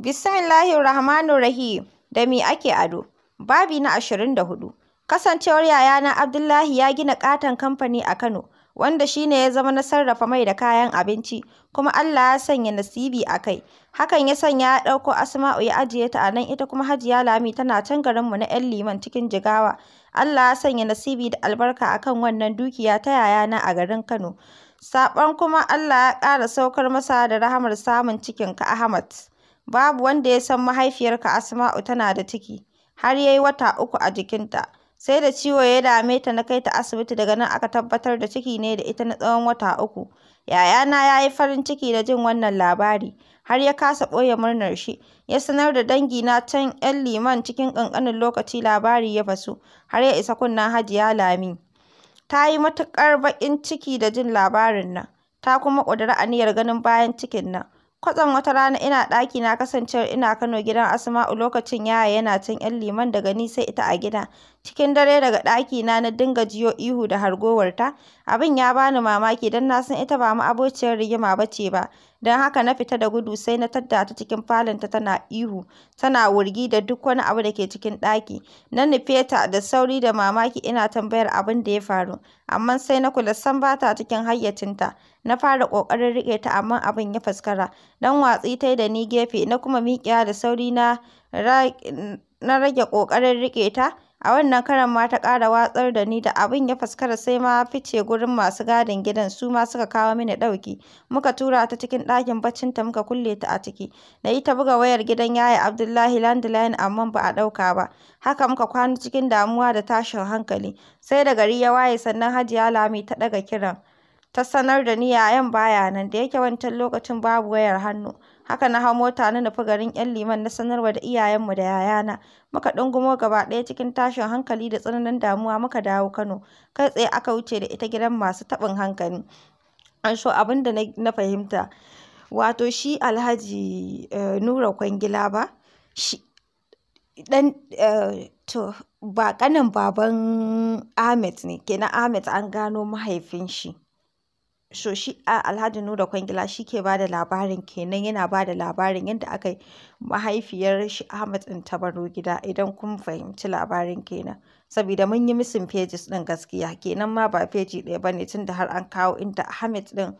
Bismillahirrahmanirrahim. Da me ake ado? Babi na 24. Kasancewar yayana Abdullahi ya gina ƙaton kamfani a Kano, wanda shi ne ya zama na sarrafa mai da kayan abinci, kuma Allah ya sanya nasibi a kai. Hakan ya sanya ya ɗauko Asma'u ya ajiye ta a nan ita kuma Hajiya Lami tana can garinmu na 'yan liman cikin Jigawa. Allah ya sanya nasibi da albarka akan wannan dukiya ta yayana a garin Kano. Saɓon kuma Allah ya ƙara saukar masa da rahamar samun cikinka Ahmad. Babu wanda ya san mahaifiyarka Asma'u tana da ciki, har yayi wata uku a jikinta, sai da ciwo ya dame ta na kai ta asibiti daga nan aka tabbatar da ciki ne da ita na tsawon wata uku. Yayana ya yi farin ciki da jin wannan labari, har ya kasa ɓoye murnar shi, ya sanar da dangi na can ‘yan Liman cikin ƙanƙanin lokaci labari ya basu har ya isa kunnen Hajiya Lami. Ta yi matuƙar baƙin ciki da jin labarin nan, ta kuma ƙudiri aniyar ganin bayan cikin nan. Kwatsam wata rana ina ɗaki na kasancewar ina Kano gidan Asma'u lokacin Yaya yana can ‘yan Liman daga ni sai ita a gida, cikin dare daga ɗakina na dinga jiyo ihu da hargowarta. Abin ya bani mamaki don na san ita ba abociyar rigima ba ce ba, don haka na fita da gudu sai na tadda ta cikin falonta tana ihu, tana wurgi da duk wani abu da ke cikin ɗaki. Na nufe ta da sauri da mamaki ina tambayar abin da ya faru, amma sai na kula san ba ta cikin hayyacinta. Na fara ƙoƙarin riƙe ta amma abin ya faskara, dan watsi ta da ni gefe na kuma miƙewa da sauri na rage ƙoƙarin riƙe ta. A wannan karan ma ta ƙara watsar da ni, da abin ya faskara sai ma fice gurin masu gadin gidan su ma suka kawo mini ɗauki, muka tura ta cikin ɗakin baccinta muka kulle ta a ciki, na yi ta buga wayar gidan Yaya Abdullahi landline amma ba a ɗauka ba, haka muka kwana cikin damuwa da tashin hankali, sai da gari ya waye sannan Hajiya Lami ta ɗaga kiran. ta sanar da ni yayan baya nan da yake wancan lokacin babu wayar hannu Haka na hau mota na nufi garin ‘yan liman na sanarwa da iyayenmu da yayana. Muka ɗungumo gaba ɗaya cikin tashin hankali da tsananin damuwa muka dawo Kano. Kai tsaye aka wuce da ita gidan masu taɓin hankali. An sho abin da na fahimta. Wato shi Alhaji eh, Nura Kwangila ba, shi ɗan eh, to ba kanin baban Ahmed ne, kenan Ahmed an gano mahaifin shi. so shi a Alhaji Nura Kwangila shi ke ba da labarin kenan yana bada labarin yadda aka yi mahaifiyar shi Ahmad ɗin ta gida idan kun fahimci labarin kenan saboda mun yi misin pages ɗin gaskiya kenan ma ba feji ɗaya ba ne tun da har an kawo inda Ahmad ɗin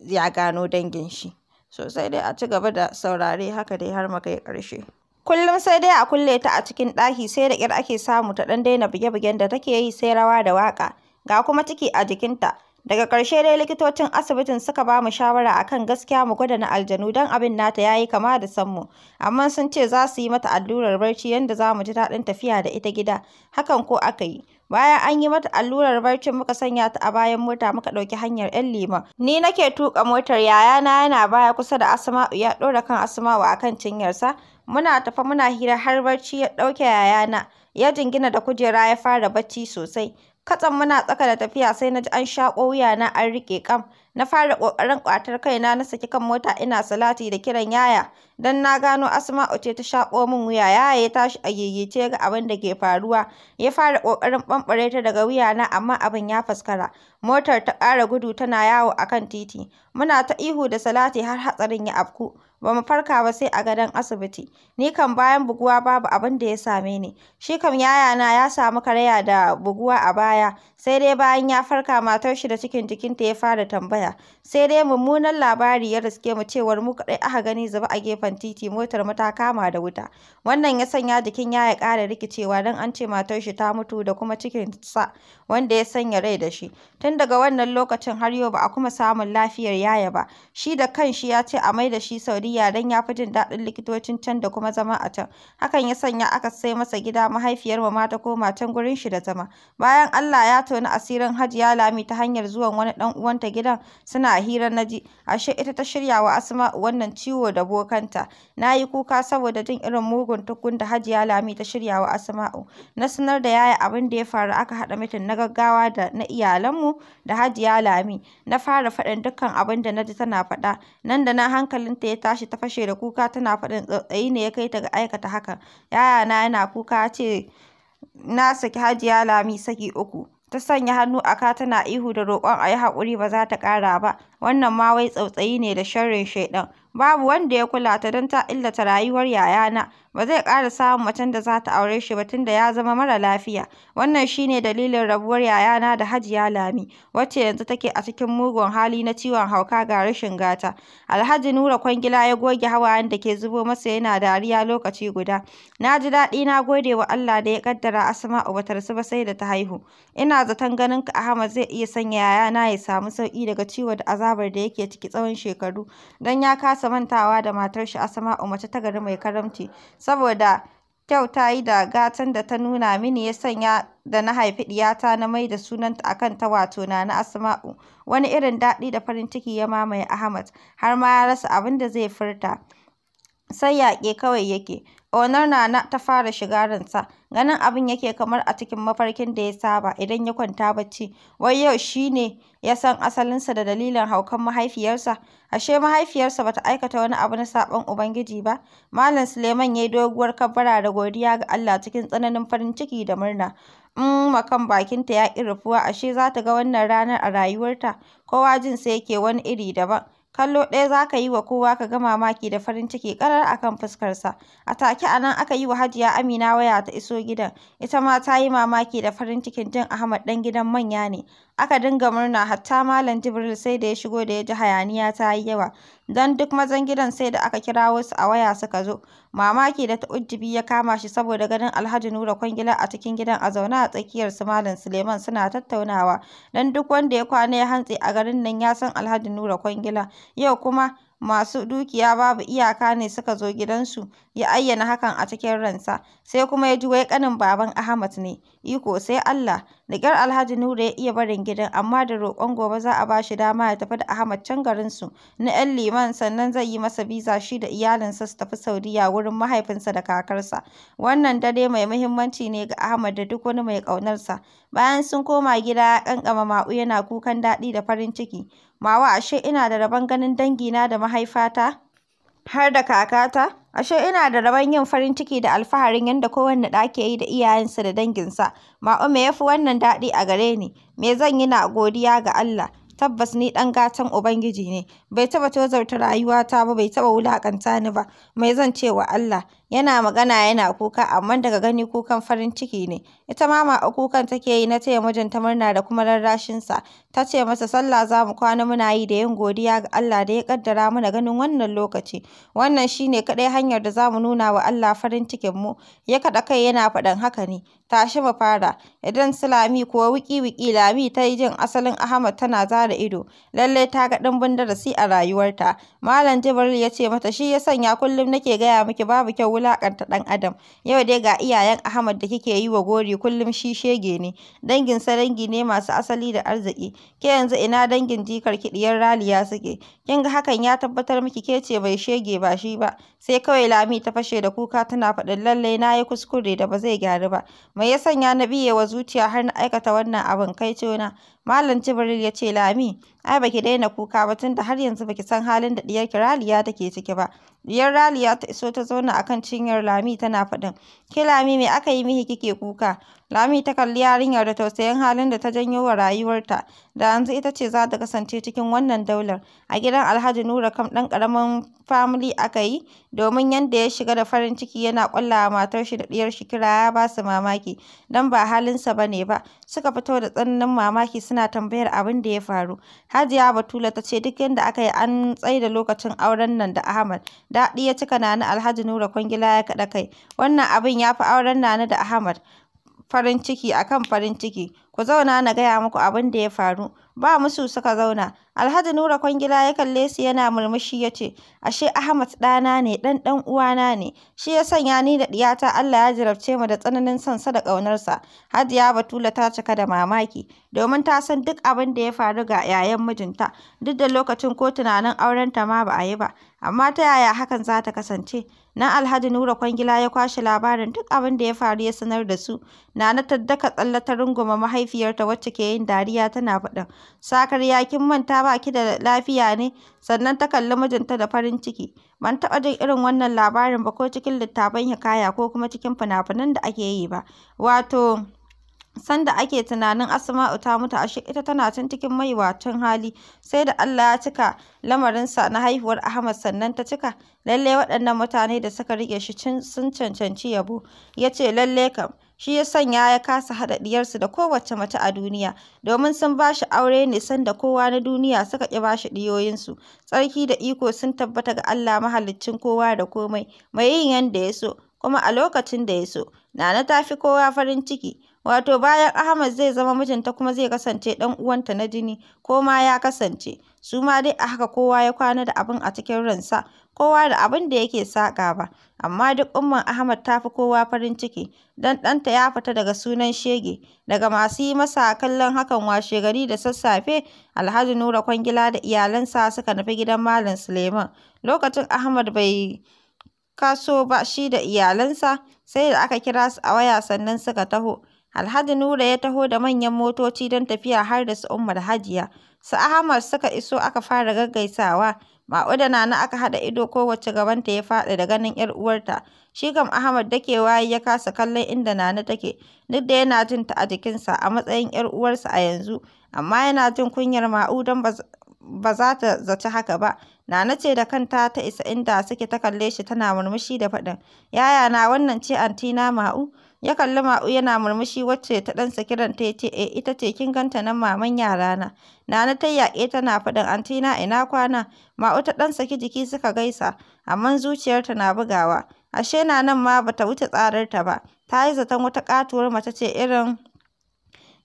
ya gano dangin shi sosai dai a ci gaba da saurare haka dai har mu kai ƙarshe. Kullum sai dai a kulle ta a cikin ɗaki sai da ƙyar ake samu ta ɗan daina buge-bugen da take yi sai rawa da waƙa ga kuma ciki a jikinta. Daga ƙarshe dai likitocin asibitin suka ba mu shawara akan gaskiya mu gwada na aljanu don abin nata ya yi kama da sanmu, amma sun ce za su yi mata allurar barci yadda za mu ji daɗin tafiya da ita gida, hakan ko aka yi. Bayan an yi mata allurar barcin muka sanya ta a bayan mota muka ɗauki hanyar 'yan lima Ni nake tuƙa motar yayana yana baya kusa da Asma'u ya ɗora kan Asma'u a kan cinyarsa. Muna tafa muna hira har barci ya ɗauke yayana. Ya jingina da kujera ya fara bacci sosai. Katsan muna tsaka da tafiya sai na ji an shaƙo wuyana an riƙe ƙam. Na fara ƙoƙarin ƙwatar kaina na saki kan mota ina salati da kiran yaya don na gano Asma'u ce ta shaƙo min wuya. Yaya ya tashi a gigice ga abin da ke faruwa. Ya fara ƙoƙarin ɓamɓare ta daga wuyana amma abin ya faskara. Motar ta ƙara gudu tana yawo a kan titi. Muna ta ihu da salati har hatsarin ya afku. ba mu farka ba sai a gadon asibiti ni kan bayan buguwa babu abin da ya same ni shi kam yayana ya samu karaya da buguwa a baya sai dai bayan ya farka matar shi da cikin jikinta ya fara tambaya sai dai mummunan labari ya riske mu cewar mu kadai aka gani zuba a gefen titi motar mu ta kama da wuta wannan ya sanya jikin yaya kara rikicewa dan an ce matar shi ta mutu da kuma cikin sa wanda ya sanya rai da shi tun daga wannan lokacin har yau ba a kuma samun lafiyar yaya ba shi da kanshi ya ce a mai da shi sauri! Najeriya don ya fi jin daɗin likitocin can da kuma zama a can. Hakan ya sanya aka sai masa gida mahaifiyarmu ma ta koma can gurin shi da zama. Bayan Allah ya toni asirin Hajiya Lami ta hanyar zuwan wani ɗan uwanta gidan suna hira na ji. Ashe ita ta shirya wa Asma'u wannan ciwo da bokanta. Na yi kuka saboda jin irin mugun tukun da Hajiya Lami ta shirya wa Asma'u. Na sanar da yaya abin da ya faru aka haɗa mitin na gaggawa da na iyalanmu da Hajiya Lami. Na fara faɗin dukkan abin da na ji tana faɗa. Nan da na hankalinta ya tashi tashi ta fashe da kuka tana faɗin tsautsayi ne ya kai ta ga aikata hakan yayana yana kuka ce na saki hajiya lami saki uku ta sanya hannu a ka tana ihu da roƙon a yi haƙuri ba za ta ƙara ba wannan ma wai tsautsayi ne da sharrin shaiɗan babu wanda ya kula ta don ta illata rayuwar yayana Ba zai ƙara samun macen da za ta aure shi ba tunda ya zama mara lafiya. Wannan shi ne dalilin rabuwar yayana da Hajiya Lami, wacce yanzu take a cikin mugun hali na ciwon hauka ga rashin gata. Alhaji Nura Kwangila ya goge hawayen da ke zubo masa yana dariya lokaci guda. Na ji daɗi na gode wa Allah da ya ƙaddara Asma'u ba ta ba sai da ta haihu. Ina zaton ganin ka Ahmad zai iya sanya yayana ya samu sauki daga ciwon da azabar da yake ciki tsawon shekaru. Don ya kasa mantawa da matar shi Asma'u mace ta gari mai karamci. saboda kyau ta yi da gatan da ta nuna mini ya sanya da na haifi ɗiyata na mai da sunanta a ta wato na Asma'u. Wani irin daɗi da farin ciki ya mamaye Ahmad, har ma ya rasa abin da zai furta. sai yaƙe kawai yake. Ƙaunar Nana ta fara shiga ransa, ganin abin yake kamar a cikin mafarkin da ya saba idan ya kwanta bacci, wai yau shi ne ya san asalinsa da dalilin haukan mahaifiyarsa, ashe mahaifiyarsa bata aikata wani abu na saɓon Ubangiji ba. Malam Suleiman ya yi doguwar kabbara da godiya ga Allah cikin tsananin farin ciki da murna. in mm, makan bakinta ya ƙi rufuwa ashe za ta ga wannan ranar a rayuwarta, kowa jinsa yake wani iri daban. kallo ɗaya za ka yi wa kowa ka ga mamaki da farin ciki ƙarar a kan fuskarsa a take a nan aka yi wa hajiya amina waya ta iso gidan ita ma ta yi mamaki da farin cikin jin ahmad ɗan gidan manya ne aka dinga murna hatta malam jibril sai da ya shigo da ya ji hayaniya ta yi yawa don duk mazan gidan sai da aka kirawo su a waya suka zo. Mamaki da ta ujjibi ya kama shi saboda ganin Alhaji Nura kwangila a cikin gidan a zaune a tsakiyar su Malam Suleiman suna tattaunawa, don duk wanda ya kwana ya hantse a garin nan ya san Alhaji Nura kwangila. Yau kuma masu dukiya babu iyaka ne suka zo gidansu, ya ayyana hakan a cikin ransa, sai kuma ya ji wai ƙanin baban Ahmad ne, iko sai Allah, da ƙyar Alhaji Nura ya iya barin gidan, amma da roƙon gobe za a bashi dama ya tafi da Ahmad can garinsu na ‘yan liman sannan zai yi masa biza shi da iyalinsa su tafi Saudiya wurin mahaifinsa da kakarsa. Wannan dare mai muhimmanci ne ga Ahmad da duk wani mai ƙaunarsa. Bayan sun koma gida ya ƙanƙama maƙu yana kukan daɗi da farin ciki. Mawa ashe ina da rabon ganin dangina da mahaifata, har da kakata, ashe ina da rabon yin farin ciki da alfaharin yadda kowanne ɗa ke yi da iyayensa da danginsa. Ma'o me ya fi wannan daɗi a gare ni? Me zan yi na godiya ga Allah? tabbas ni ɗan gatan Ubangiji ne, bai taɓa tozarta rayuwata ba, bai taɓa wulaƙanta ni ba, Me zan ce wa Allah? Yana magana yana kuka, amma daga gani kukan farin ciki ne. Ita ma Mama kukan take yi na taya mijinta murna da kuma rarrashinsa. Ta ce masa sallah za mu kwana muna yi da yin godiya ga Allah da ya kaddara mana ganin wannan lokaci. Wannan shine ne kaɗai hanyar da za mu nuna wa Allah farin cikin mu Ya kaɗa kai yana faɗan haka ne. Tashi mu fara. Idan su Lami kuwa wiki-wiki Lami ta yi jin asalin Ahmad tana zara ido. Lallai ta ga ɗimbin darasi a rayuwarta. Malam Jibril ya ce mata shi ya sanya kullum nake gaya miki babu kyau wulaƙanta ɗan adam. Yau dai ga iyayen Ahmad da kike yi wa gori kullum shi shege ne. Dangin sarangi ne masu asali da arziki. Ke yanzu ina dangin jikar kiɗiyar Raliya suke. Kin ga hakan ya tabbatar miki ke ce bai shege ba shi ba. Sai kawai Lami ta fashe da kuka tana faɗin lallai na yi kuskure da ba zai gyaru ba. Mai ya sanya na biye wa zuciya har na aikata wannan abin kai na Malam Jibril ya ce Lami, ai baki daina kuka ba tunda har yanzu baki san halin da diyar Raliya take ciki ba. Diyar Raliya ta iso ta zauna akan cinyar Lami tana faɗin, "Ke Lami me aka yi mihi kike kuka?" Lami ta kalli yarinyar da tausayin halin da ta janyo wa rayuwarta, da yanzu ita ce za ta kasance cikin wannan daular. A gidan Alhaji Nura kam ɗan ƙaramin famili aka yi, domin yadda ya shiga da farin ciki yana ƙwallawa matar shi da ɗiyar shi kira ya ba su mamaki, don ba halinsa ba ne ba. Suka fito da tsananin mamaki suna tambayar abin da ya faru. Hajiya Batula ta ce duk yadda aka yi an tsaida lokacin auren nan da Ahmad. Daɗi ya cika Nana Alhaji Nura kwangila ya kaɗa kai. Wannan abin ya fi auren Nana da Ahmad. farin ciki akan farin ciki. ku zauna na gaya muku abin da ya faru. Ba musu suka zauna. Alhaji Nura Kwangila ya kalle su yana murmushi ya ce, Ashe Ahmad ɗana ne, ɗan ɗan uwana ne, shi ya sanya ni da ɗiyata Allah ya jarabce mu da tsananin sonsa da ƙaunarsa. Hajiya Batula ta cika da mamaki, domin ta san duk abin da ya faru ga yayan mijinta, duk da lokacin ko tunanin aurenta ma ba a yi ba. Amma ta yaya hakan za ta kasance? na Alhaji Nura Kwangila ya kwashe labarin duk abin da ya faru ya sanar da su. na na daka tsalle ta runguma mahaifa mahaifiyarta wacce ke yin dariya tana faɗin, "Sakarya kin manta ba ki da lafiya ne?" Sannan ta kalli mijinta da farin ciki. Ban taɓa jin irin wannan labarin ba ko cikin littafan hikaya ko kuma cikin fina-finan da ake yi ba. Wato sanda ake tunanin Asma'u ta mutu ashe ita tana can cikin maiwacin hali sai da Allah ya cika lamarinsa na haihuwar Ahmad sannan ta cika lallai waɗannan mutane da suka rike shi sun cancanci yabo ya ce lallai kam shi ya sanya ya kasa haɗa ɗiyarsu da kowace mace a duniya, domin sun ba shi aure ne sanda kowa na duniya suka ƙi ba shi ɗiyoyinsu. Tsarki da iko sun tabbata ga Allah mahaliccin kowa da komai, mai yin yanda ya so, kuma a lokacin da ya so. Nana ta fi kowa farin ciki, Wato bayan Ahmad zai zama mijinta kuma zai kasance ɗan uwanta na jini ko ma ya kasance, su ma dai a haka kowa ya kwana da abin a cikin ransa, kowa da abin da yake ba amma duk Umman Ahmad ta fi kowa farin ciki dan ɗanta ya fita daga sunan shege, daga masu yi masa kallon hakan washegari da sassafe Alhaji Nura Kwangila da iyalansa suka nufi gidan Malam Suleiman, lokacin Ahmad bai kaso ba shi da iyalansa, sai da aka kira su a waya sannan suka taho. Alhaji Nura ya taho da manyan motoci don tafiya har da su ummar Hajiya. Su Ahmad suka iso aka fara gaggaisawa. Ma'u da Nana aka haɗa ido kowace gabanta ya faɗi da ganin 'yar uwarta. Shi kam Ahmad dake ke waye ya kasa kallon inda Nana take, duk da yana jin ta a jikinsa a matsayin 'yar uwarsa a yanzu, amma yana jin kunyar Ma'u dan ba za ta zaci haka ba. Nana ce da kanta ta isa inda suke ta kalle shi tana murmushi da faɗin, "Yaya na wannan ce antina Ma'u?" Ya kalli Ma'u yana murmushi wacce ta ɗan kiran ta ya ce, eh ita ce kin ganta nan maman yarana. Nana ta yaƙe tana faɗin anti na ina kwana. Ma'u ta ɗan saki jiki suka gaisa, amma zuciyarta na bugawa. Ashe nanan ma bata wuce tsararta ba. Ta yi zaton wata katuwar mace ce irin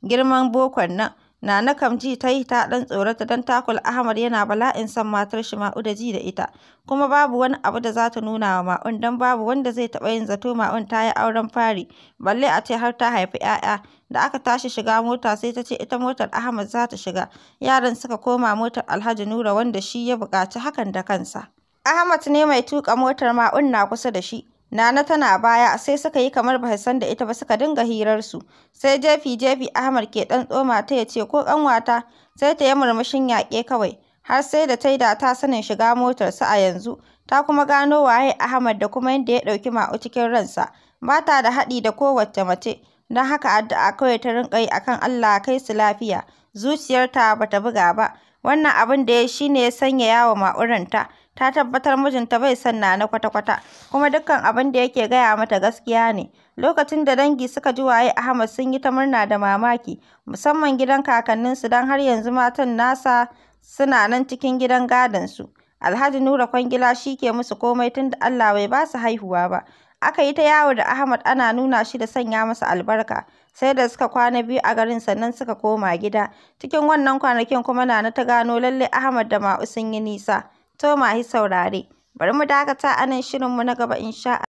girman bokon nan. Nana kamji ta yi ta ɗan tsorata don takul Ahmad yana bala'in son matar shi Ma'u da ji da ita, kuma babu wani abu da za ta nuna wa Ma'un don babu wanda zai taɓa yin zato Ma'un ta yi auren fari, balle a ce har ta haifi 'ya'ya. Da aka tashi shiga mota sai ta ce ita motar Ahmad za ta shiga, yaran suka koma motar Alhaji Nura wanda shi ya buƙaci hakan da kansa. Ahmad ne mai tuƙa motar Ma'un na kusa da shi. Nana tana baya, sai suka yi kamar ba san da ita ba suka dinga hirar su. Sai jefi-jefi Ahmad ke ɗan tsoma ta yace ko ƙanwata, sai ta yi murmushin yaƙe kawai. Har sai da ta yi da ta sanin shiga motarsa a yanzu, ta kuma gano waye Ahmad da kuma yadda ya ɗauki Ma'u cikin ransa. Ba ta da haɗi da kowace mace, don haka addu'a kawai ta rinka yi akan Allah kai su lafiya. Zuciyarta bata buga ba. Wannan abin da ya shine ya sanyaya wa Ma'u ta tabbatar mijinta bai son Nana kwata-kwata kuma dukkan abin da yake gaya mata gaskiya ne. Lokacin da dangi suka ji waye Ahmad sun yi ta murna da mamaki musamman gidan kakanninsu dan har yanzu matan nasa suna nan cikin gidan gadon su Alhaji Nura Kwangila shi ke musu komai tunda Allah bai ba su haihuwa ba. Aka yi ta yawo da Ahmad ana nuna shi da sanya masa albarka. sai da suka kwana biyu a garin sannan suka koma gida cikin wannan kwanakin kuma Nana ta gano lalle Ahmad da Ma'u sun yi nisa To masu saurare, bari mu dakata a nan shirinmu na gaba insha Allah.